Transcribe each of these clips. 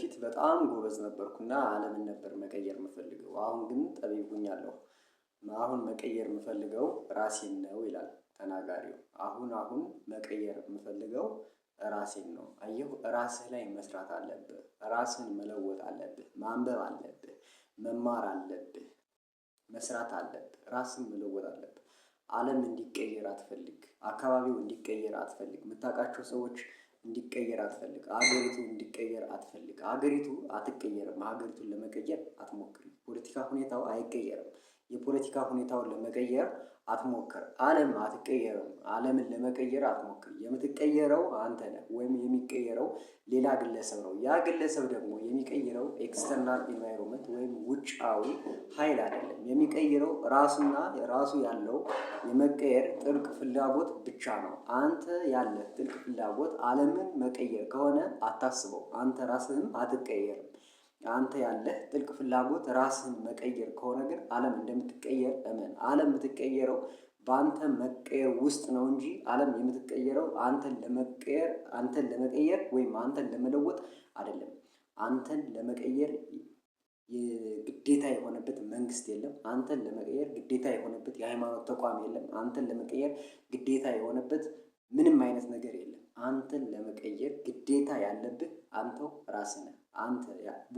በፊት በጣም ጎበዝ ነበርኩና ዓለምን ነበር መቀየር የምፈልገው። አሁን ግን ጠቢብ ሆኛለሁ። አሁን መቀየር የምፈልገው ራሴን ነው ይላል ተናጋሪው። አሁን አሁን መቀየር የምፈልገው ራሴን ነው። አየሁ፣ ራስህ ላይ መስራት አለብህ። ራስህን መለወጥ አለብህ። ማንበብ አለብህ። መማር አለብህ። መስራት አለብህ። ራስህን መለወጥ አለብህ። ዓለም እንዲቀየር አትፈልግ። አካባቢው እንዲቀየር አትፈልግ። የምታውቃቸው ሰዎች እንዲቀየር አትፈልግ። አገሪቱ እንዲቀየር አትፈልግ። አገሪቱ አትቀየርም። ሀገሪቱን ለመቀየር አትሞክርም። ፖለቲካ ሁኔታው አይቀየርም። የፖለቲካ ሁኔታውን ለመቀየር አትሞክር። ዓለም አትቀየርም። ዓለምን ለመቀየር አትሞክር። የምትቀየረው አንተ ነህ፣ ወይም የሚቀየረው ሌላ ግለሰብ ነው። ያ ግለሰብ ደግሞ የሚቀይረው ኤክስተርናል ኢንቫይሮንመንት ወይም ውጫዊ ኃይል አይደለም። የሚቀይረው ራሱና ራሱ ያለው የመቀየር ጥልቅ ፍላጎት ብቻ ነው። አንተ ያለ ጥልቅ ፍላጎት ዓለምን መቀየር ከሆነ አታስበው። አንተ ራስህም አትቀየርም። አንተ ያለህ ጥልቅ ፍላጎት ራስን መቀየር ከሆነ ግን ዓለም እንደምትቀየር እመን። ዓለም የምትቀየረው በአንተ መቀየር ውስጥ ነው እንጂ ዓለም የምትቀየረው አንተን ለመቀየር አንተን ለመቀየር ወይም አንተን ለመለወጥ አይደለም። አንተን ለመቀየር ግዴታ የሆነበት መንግስት የለም። አንተን ለመቀየር ግዴታ የሆነበት የሃይማኖት ተቋም የለም። አንተን ለመቀየር ግዴታ የሆነበት ምንም አይነት ነገር የለም። አንተን ለመቀየር ግዴታ ያለብህ አንተው ራስህ ነህ። አንተ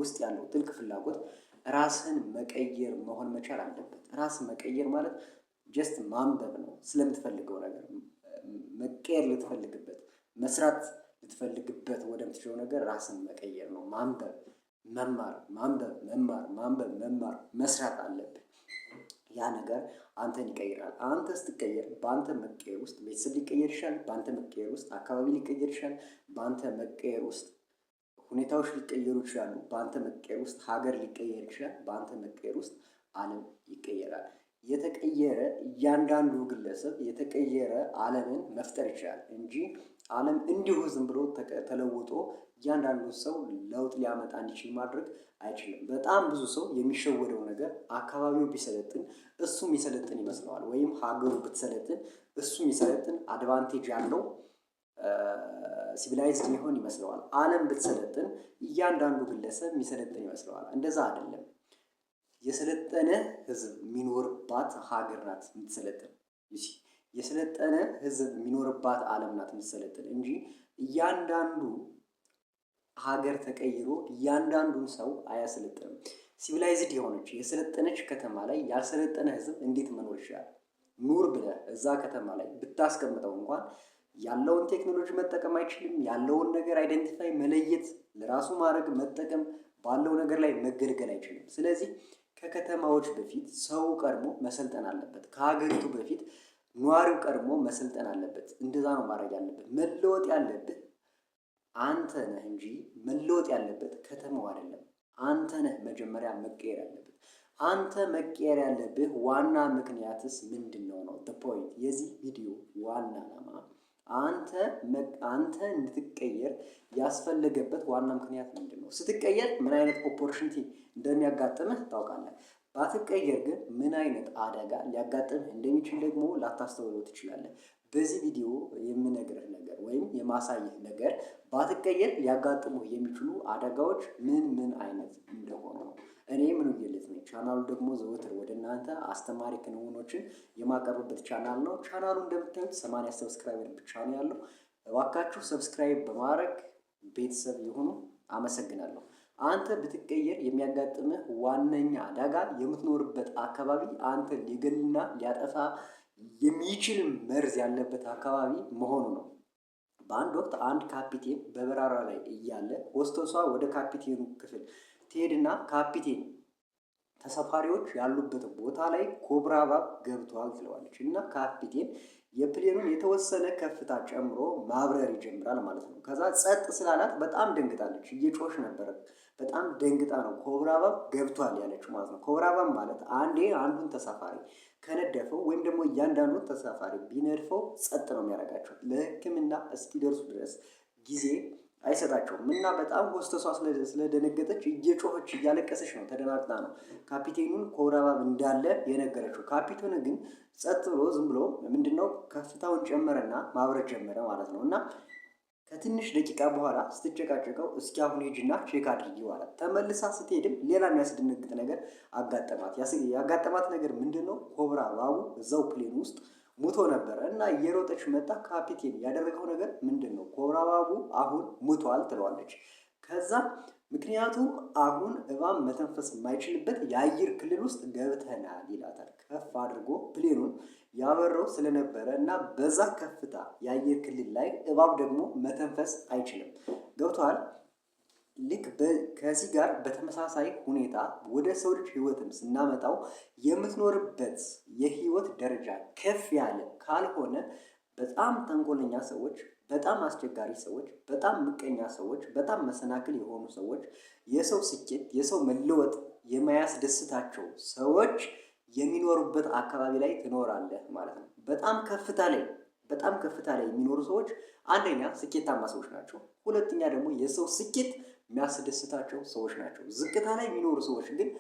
ውስጥ ያለው ጥልቅ ፍላጎት ራስን መቀየር መሆን መቻል አለበት። ራስን መቀየር ማለት ጀስት ማንበብ ነው። ስለምትፈልገው ነገር መቀየር ልትፈልግበት መስራት ልትፈልግበት ወደምትችለው ነገር ራስን መቀየር ነው። ማንበብ፣ መማር፣ ማንበብ፣ መማር፣ ማንበብ፣ መማር፣ መስራት አለብህ። ያ ነገር አንተን ይቀይራል። አንተ ስትቀየር በአንተ መቀየር ውስጥ ቤተሰብ ሊቀየር ይችላል። በአንተ መቀየር ውስጥ አካባቢ ሊቀየር ይችላል። በአንተ መቀየር ውስጥ ሁኔታዎች ሊቀየሩ ይችላሉ። በአንተ መቀየር ውስጥ ሀገር ሊቀየር ይችላል። በአንተ መቀየር ውስጥ ዓለም ይቀየራል። የተቀየረ እያንዳንዱ ግለሰብ የተቀየረ ዓለምን መፍጠር ይችላል እንጂ ዓለም እንዲሁ ዝም ብሎ ተለውጦ እያንዳንዱ ሰው ለውጥ ሊያመጣ እንዲችል ማድረግ አይችልም። በጣም ብዙ ሰው የሚሸወደው ነገር አካባቢው ቢሰለጥን እሱም ይሰለጥን ይመስለዋል። ወይም ሀገሩ ብትሰለጥን እሱም ይሰለጥን አድቫንቴጅ ያለው ሲቪላይዝድ ሊሆን ይመስለዋል። ዓለም ብትሰለጥን እያንዳንዱ ግለሰብ የሚሰለጥን ይመስለዋል። እንደዛ አይደለም። የሰለጠነ ህዝብ የሚኖርባት ሀገር ናት የምትሰለጥን። የሰለጠነ ህዝብ የሚኖርባት ዓለም ናት የምትሰለጥን እንጂ እያንዳንዱ ሀገር ተቀይሮ እያንዳንዱን ሰው አያሰለጥንም። ሲቪላይዝድ የሆነች የሰለጠነች ከተማ ላይ ያልሰለጠነ ህዝብ እንዴት መኖር ይችላል? ኑር ብለህ እዛ ከተማ ላይ ብታስቀምጠው እንኳን ያለውን ቴክኖሎጂ መጠቀም አይችልም። ያለውን ነገር አይደንቲፋይ መለየት፣ ለራሱ ማድረግ፣ መጠቀም፣ ባለው ነገር ላይ መገልገል አይችልም። ስለዚህ ከከተማዎች በፊት ሰው ቀድሞ መሰልጠን አለበት። ከሀገሪቱ በፊት ነዋሪው ቀድሞ መሰልጠን አለበት። እንደዛ ነው ማድረግ ያለበት። መለወጥ ያለብህ አንተ ነህ እንጂ መለወጥ ያለበት ከተማው አይደለም። አንተ ነህ መጀመሪያ መቀየር ያለበት። አንተ መቀየር ያለብህ ዋና ምክንያትስ ምንድን ነው ነው ፖይንት የዚህ ቪዲዮ ዋና ዓላማ አንተ አንተ እንድትቀየር ያስፈለገበት ዋና ምክንያት ምንድን ነው? ስትቀየር ምን አይነት ኦፖርቹኒቲ እንደሚያጋጥምህ ታውቃለህ። ባትቀየር ግን ምን አይነት አደጋ ሊያጋጥምህ እንደሚችል ደግሞ ላታስተውለው ትችላለህ። በዚህ ቪዲዮ የምነግርህ ነገር ወይም የማሳየህ ነገር ባትቀየር ሊያጋጥሙ የሚችሉ አደጋዎች ምን ምን አይነት እንደሆኑ ነው። እኔ ምን ቻናሉ ደግሞ ዘወትር ወደ እናንተ አስተማሪ ክንውኖችን የማቀርብበት ቻናል ነው። ቻናሉ እንደምታዩት ሰማንያ ሰብስክራይበር ብቻ ነው ያለው። እባካችሁ ሰብስክራይብ በማድረግ ቤተሰብ የሆኑ አመሰግናለሁ። አንተ ብትቀየር የሚያጋጥምህ ዋነኛ አደጋ የምትኖርበት አካባቢ አንተ ሊገልና ሊያጠፋ የሚችል መርዝ ያለበት አካባቢ መሆኑ ነው። በአንድ ወቅት አንድ ካፒቴን በበረራ ላይ እያለ ሆስተሷ ወደ ካፒቴኑ ክፍል ትሄድና ካፒቴን ተሳፋሪዎች ያሉበት ቦታ ላይ ኮብራ እባብ ገብተዋል ትለዋለች እና ካፒቴን የፕሌኑን የተወሰነ ከፍታ ጨምሮ ማብረር ይጀምራል ማለት ነው። ከዛ ጸጥ ስላላት በጣም ደንግጣለች፣ እየጮሽ ነበረ። በጣም ደንግጣ ነው ኮብራ እባብ ገብቷል ያለች ማለት ነው። ኮብራ እባብ ማለት አንዴ አንዱን ተሳፋሪ ከነደፈው ወይም ደግሞ እያንዳንዱን ተሳፋሪ ቢነድፈው ጸጥ ነው የሚያደርጋቸው ለሕክምና እስኪደርሱ ድረስ ጊዜ አይሰጣቸውም እና በጣም ሆስተሷ ስለደነገጠች እየጮኸች እያለቀሰች ነው፣ ተደናግጣ ነው ካፒቴኑን ከወረባብ እንዳለ የነገረችው። ካፒቴኑ ግን ጸጥ ብሎ ዝም ብሎ ምንድነው ከፍታውን ጨመረና ማብረት ጀመረ ማለት ነው። እና ከትንሽ ደቂቃ በኋላ ስትጨቃጨቀው እስኪ አሁን ሂጂና ቼክ አድርጊ ዋለ። ተመልሳ ስትሄድም ሌላ የሚያስደነግጥ ነገር አጋጠማት። ያጋጠማት ነገር ምንድነው ኮብራ ባቡ እዛው ፕሌን ውስጥ ሙቶ ነበረ እና እየሮጠች መጣ። ካፒቴን ያደረገው ነገር ምንድን ነው? ኮብራ እባቡ አሁን ሙቷል ትለዋለች። ከዛ ምክንያቱም አሁን እባብ መተንፈስ የማይችልበት የአየር ክልል ውስጥ ገብተናል ይላታል። ከፍ አድርጎ ፕሌኑን ያበረው ስለነበረ እና በዛ ከፍታ የአየር ክልል ላይ እባብ ደግሞ መተንፈስ አይችልም። ገብቷል። ልክ ከዚህ ጋር በተመሳሳይ ሁኔታ ወደ ሰው ልጅ ህይወትም ስናመጣው የምትኖርበት የህይወት ደረጃ ከፍ ያለ ካልሆነ በጣም ተንኮለኛ ሰዎች፣ በጣም አስቸጋሪ ሰዎች፣ በጣም ምቀኛ ሰዎች፣ በጣም መሰናክል የሆኑ ሰዎች፣ የሰው ስኬት፣ የሰው መለወጥ የማያስደስታቸው ሰዎች የሚኖሩበት አካባቢ ላይ ትኖራለህ ማለት ነው። በጣም ከፍታ ላይ በጣም ከፍታ ላይ የሚኖሩ ሰዎች አንደኛ ስኬታማ ሰዎች ናቸው። ሁለተኛ ደግሞ የሰው ስኬት የሚያስደስታቸው ሰዎች ናቸው። ዝቅታ ላይ የሚኖሩ ሰዎች ግን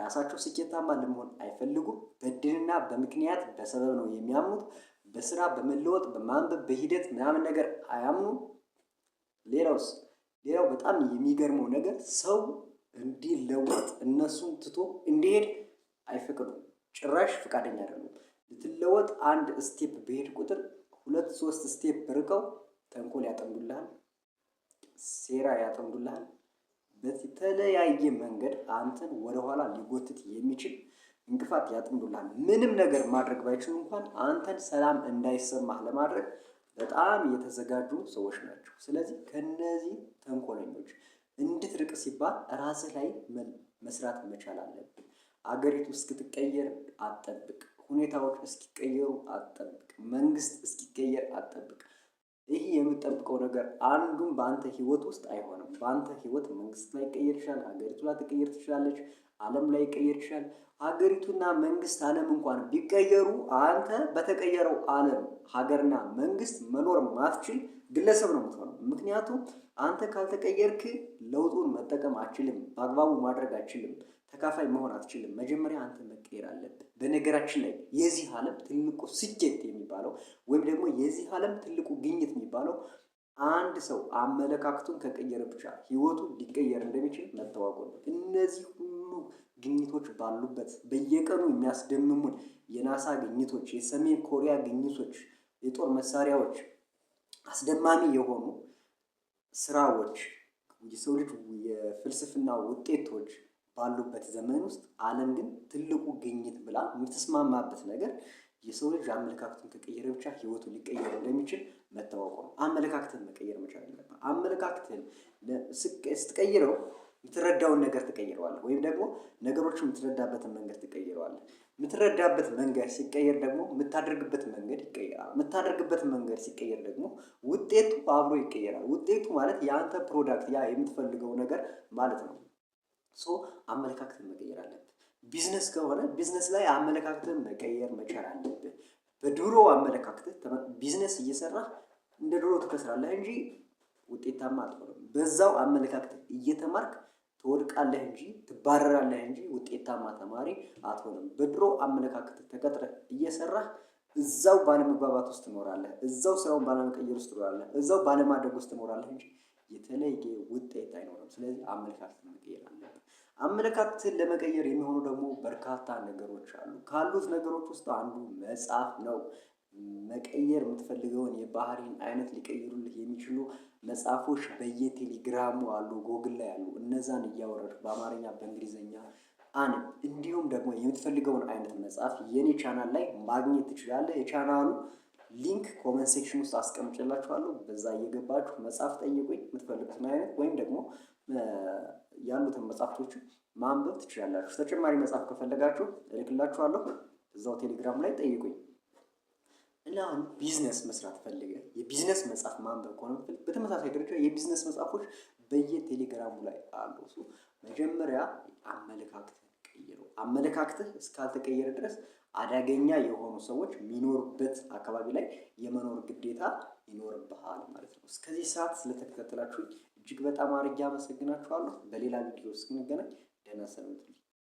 ራሳቸው ስኬታማ ለመሆን አይፈልጉም። በድልና በምክንያት በሰበብ ነው የሚያምኑት። በስራ በመለወጥ በማንበብ በሂደት ምናምን ነገር አያምኑም። ሌላውስ ሌላው በጣም የሚገርመው ነገር ሰው እንዲለወጥ እነሱን ትቶ እንዲሄድ አይፈቅዱም። ጭራሽ ፈቃደኛ አይደሉም። ልትለወጥ አንድ ስቴፕ በሄድ ቁጥር ሁለት ሶስት ስቴፕ ርቀው ተንኮል ያጠምዱልሃል፣ ሴራ ያጠምዱልሃል። በተለያየ መንገድ አንተን ወደኋላ ሊጎትት የሚችል እንቅፋት ያጥምዱልሃል። ምንም ነገር ማድረግ ባይችሉ እንኳን አንተን ሰላም እንዳይሰማህ ለማድረግ በጣም የተዘጋጁ ሰዎች ናቸው። ስለዚህ ከነዚህ ተንኮለኞች እንድትርቅ ሲባል ራስህ ላይ መስራት መቻል አለብን። አገሪቱ እስክትቀየር አጠብቅ ሁኔታዎች እስኪቀየሩ አጠብቅ መንግስት እስኪቀየር አጠብቅ። ይህ የምጠብቀው ነገር አንዱም በአንተ ህይወት ውስጥ አይሆንም። በአንተ ህይወት መንግስት ላይ ቀየር ይችላል፣ ሀገሪቱ ላይ ተቀየር ትችላለች፣ ዓለም ላይ ቀየር ይችላል። ሀገሪቱና መንግስት ዓለም እንኳን ቢቀየሩ አንተ በተቀየረው ዓለም ሀገርና መንግስት መኖር ማትችል ግለሰብ ነው የምትሆነው። ምክንያቱም አንተ ካልተቀየርክ ለውጡን መጠቀም አችልም፣ በአግባቡ ማድረግ አችልም። ተካፋይ መሆን አትችልም። መጀመሪያ አንተ መቀየር አለብህ። በነገራችን ላይ የዚህ ዓለም ትልቁ ስኬት የሚባለው ወይም ደግሞ የዚህ ዓለም ትልቁ ግኝት የሚባለው አንድ ሰው አመለካከቱን ከቀየረ ብቻ ህይወቱ ሊቀየር እንደሚችል መታወቁ ነው። እነዚህ ሁሉ ግኝቶች ባሉበት በየቀኑ የሚያስደምሙን የናሳ ግኝቶች፣ የሰሜን ኮሪያ ግኝቶች፣ የጦር መሳሪያዎች፣ አስደማሚ የሆኑ ስራዎች፣ የሰው ልጅ የፍልስፍና ውጤቶች ባሉበት ዘመን ውስጥ ዓለም ግን ትልቁ ግኝት ብላ የምትስማማበት ነገር የሰው ልጅ አመለካከቱን ከቀየረ ብቻ ህይወቱ ሊቀየር እንደሚችል መታወቁ ነው። አመለካከትን መቀየር መቻል አለብህ። አመለካከትን ስትቀይረው የምትረዳውን ነገር ትቀይረዋለህ፣ ወይም ደግሞ ነገሮችን የምትረዳበትን መንገድ ትቀይረዋለህ። የምትረዳበት መንገድ ሲቀየር ደግሞ የምታደርግበት መንገድ ይቀየራል። የምታደርግበት መንገድ ሲቀየር ደግሞ ውጤቱ አብሮ ይቀየራል። ውጤቱ ማለት የአንተ ፕሮዳክት፣ ያ የምትፈልገው ነገር ማለት ነው። ሶ አመለካከትን መቀየር አለብህ። ቢዝነስ ከሆነ ቢዝነስ ላይ አመለካከትን መቀየር መቻል አለብህ። በድሮ አመለካከት ቢዝነስ እየሰራ እንደ ድሮ ትከስራለህ እንጂ ውጤታማ አትሆንም። በዛው አመለካከት እየተማርክ ትወድቃለህ እንጂ ትባረራለህ እንጂ ውጤታማ ተማሪ አትሆንም። በድሮ አመለካከት ተቀጥረህ እየሰራህ እዛው ባለመግባባት ውስጥ ትኖራለህ። እዛው ስራውን ባለመቀየር ውስጥ ትኖራለህ። እዛው ባለማደግ ውስጥ ትኖራለህ እንጂ የተለየ ውጤት አይኖርም። ስለዚህ አመለካከት መቀየር አለብን። አመለካከትን ለመቀየር የሚሆኑ ደግሞ በርካታ ነገሮች አሉ። ካሉት ነገሮች ውስጥ አንዱ መጽሐፍ ነው። መቀየር የምትፈልገውን የባህሪን አይነት ሊቀይሩልህ የሚችሉ መጽሐፎች በየቴሌግራሙ አሉ፣ ጎግል ላይ አሉ። እነዛን እያወረድክ በአማርኛ በእንግሊዝኛ አን እንዲሁም ደግሞ የምትፈልገውን አይነት መጽሐፍ የኔ ቻናል ላይ ማግኘት ትችላለህ። የቻናሉ ሊንክ ኮመንት ሴክሽን ውስጥ አስቀምጭላችኋለሁ። በዛ እየገባችሁ መጽሐፍ ጠይቁኝ የምትፈልጉትን አይነት ወይም ደግሞ ያሉትን መጽሐፍቶቹ ማንበብ ትችላላችሁ። ተጨማሪ መጽሐፍ ከፈለጋችሁ እልክላችኋለሁ። እዛው ቴሌግራም ላይ ጠይቁኝ እና አሁን ቢዝነስ መስራት ፈልገ የቢዝነስ መጽሐፍ ማንበብ ከሆነ በተመሳሳይ ደረጃ የቢዝነስ መጽሐፎች በየቴሌግራሙ ላይ አሉ። መጀመሪያ አመለካክት ቀይረው። አመለካከትህ እስካልተቀየረ ድረስ አደገኛ የሆኑ ሰዎች የሚኖሩበት አካባቢ ላይ የመኖር ግዴታ ይኖርብሃል ማለት ነው። እስከዚህ ሰዓት ስለተከታተላችሁኝ እጅግ በጣም አድርጌ አመሰግናችኋለሁ። በሌላ ቪዲዮ እስክንገናኝ ደህና ሰንብቱ።